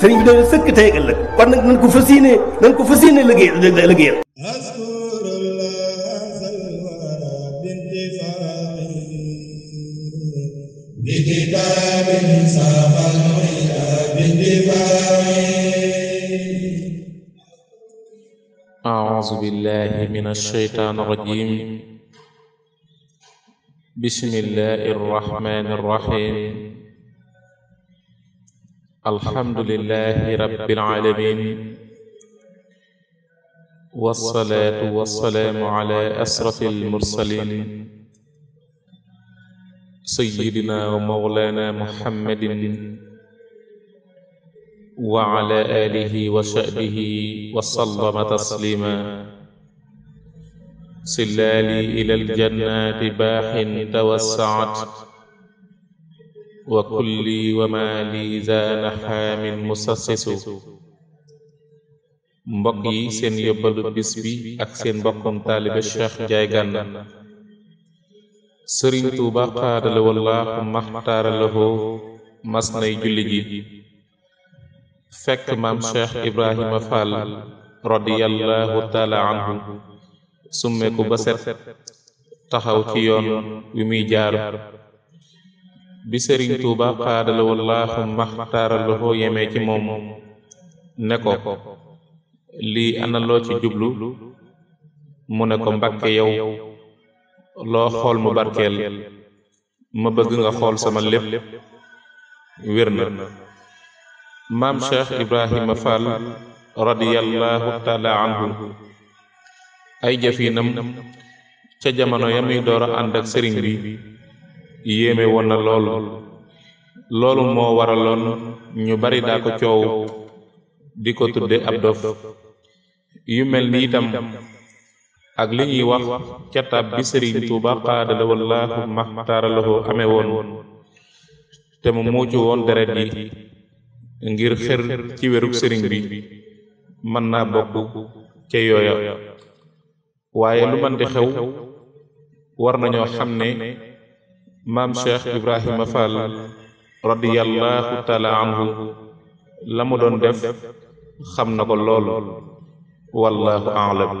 sëriñ bi dana sëkk tey ëllëg kon nag nañ ko fas yéene nañ ko fas yéene liggéey liggéeyal أعوذ بالله من الشيطان الرجيم بسم الله الرحمن الرحيم alhamdulillahi rabbil alamin wassalaatu wassalaamu ala asrafil mursalin sayyidina wa mawlana muhammadin wa ala alihi wa sahbihi wa sallama taslima sillaali ilal jannati baaxin tawassaat wa kulli wa ma li zaana xaamin musassisu mbokk yi seen yóbbalu bis bi ak seen mbokkum taaliba cheikh njaay gànna sëriñ tuuba xaadala wallaahu maxtaaralahu mas nay julli ji fekk maam cheikh ibrahima fall radiyallahu taala anhu summeku ba set taxaw ci yoon wi muy jaar bi sëriñ tuuba xaadala wallaahu maxtaaralahoo yemee ci moom ne ko lii ana loo ci jublu mu ne ko mbakke yow loo xool mu barkeel ma bëgg nga xool sama lépp wér na maam cheikh ibrahima fall radiyallahu taala ay jëfinam ca jamono ya muy door ànd ak sëriñ bi yéeme woon na lool loolu moo waraloon ñu bari daa ko coow di ko tudde ab dof yu mel ni itam ak li ñuy wax cataab bi sëriñ tuuba xaadala wallaahu maxtaaralahu ame woon te mu muucu woon deret yi ngir xër ci wérug sëriñ bi mën naa bokk ca yooya waaye lu mën di xew war nañoo xam ne maam cheikh ibrahima fall radiyallahu taala anhu la mu doon def xam na ko lool wallahu a'lam